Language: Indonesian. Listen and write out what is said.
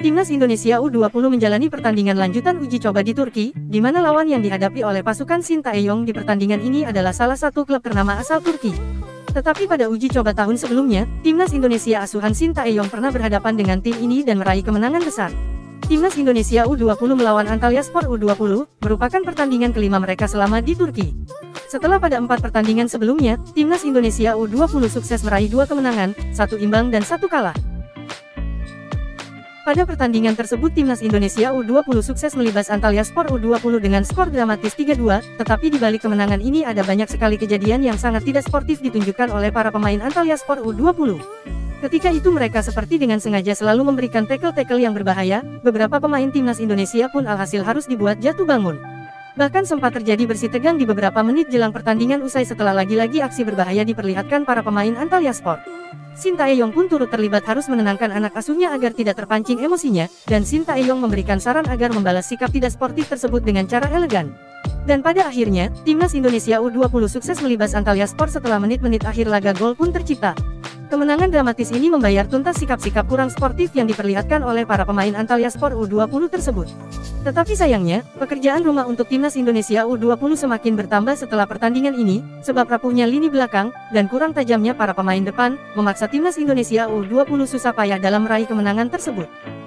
Timnas Indonesia U20 menjalani pertandingan lanjutan uji coba di Turki, di mana lawan yang dihadapi oleh pasukan Sintayong di pertandingan ini adalah salah satu klub ternama asal Turki. Tetapi pada uji coba tahun sebelumnya, Timnas Indonesia asuhan Sintayong pernah berhadapan dengan tim ini dan meraih kemenangan besar. Timnas Indonesia U20 melawan Antalya Sport U20, merupakan pertandingan kelima mereka selama di Turki. Setelah pada empat pertandingan sebelumnya, Timnas Indonesia U20 sukses meraih dua kemenangan, satu imbang dan satu kalah. Pada pertandingan tersebut timnas Indonesia U20 sukses melibas Antalya Sport U20 dengan skor dramatis 3-2, tetapi di balik kemenangan ini ada banyak sekali kejadian yang sangat tidak sportif ditunjukkan oleh para pemain Antalya Sport U20. Ketika itu mereka seperti dengan sengaja selalu memberikan tackle-tackle yang berbahaya, beberapa pemain timnas Indonesia pun alhasil harus dibuat jatuh bangun. Bahkan sempat terjadi bersih tegang di beberapa menit jelang pertandingan usai setelah lagi-lagi aksi berbahaya diperlihatkan para pemain Antalya Sport. Shin Taeyong pun turut terlibat harus menenangkan anak asuhnya agar tidak terpancing emosinya, dan Shin Taeyong memberikan saran agar membalas sikap tidak sportif tersebut dengan cara elegan. Dan pada akhirnya, timnas Indonesia U20 sukses melibas Antalya Sport setelah menit-menit akhir laga gol pun tercipta. Kemenangan dramatis ini membayar tuntas sikap-sikap kurang sportif yang diperlihatkan oleh para pemain Antalya Sport U20 tersebut. Tetapi sayangnya, pekerjaan rumah untuk timnas Indonesia U20 semakin bertambah setelah pertandingan ini, sebab rapuhnya lini belakang, dan kurang tajamnya para pemain depan, memaksa timnas Indonesia U20 susah payah dalam meraih kemenangan tersebut.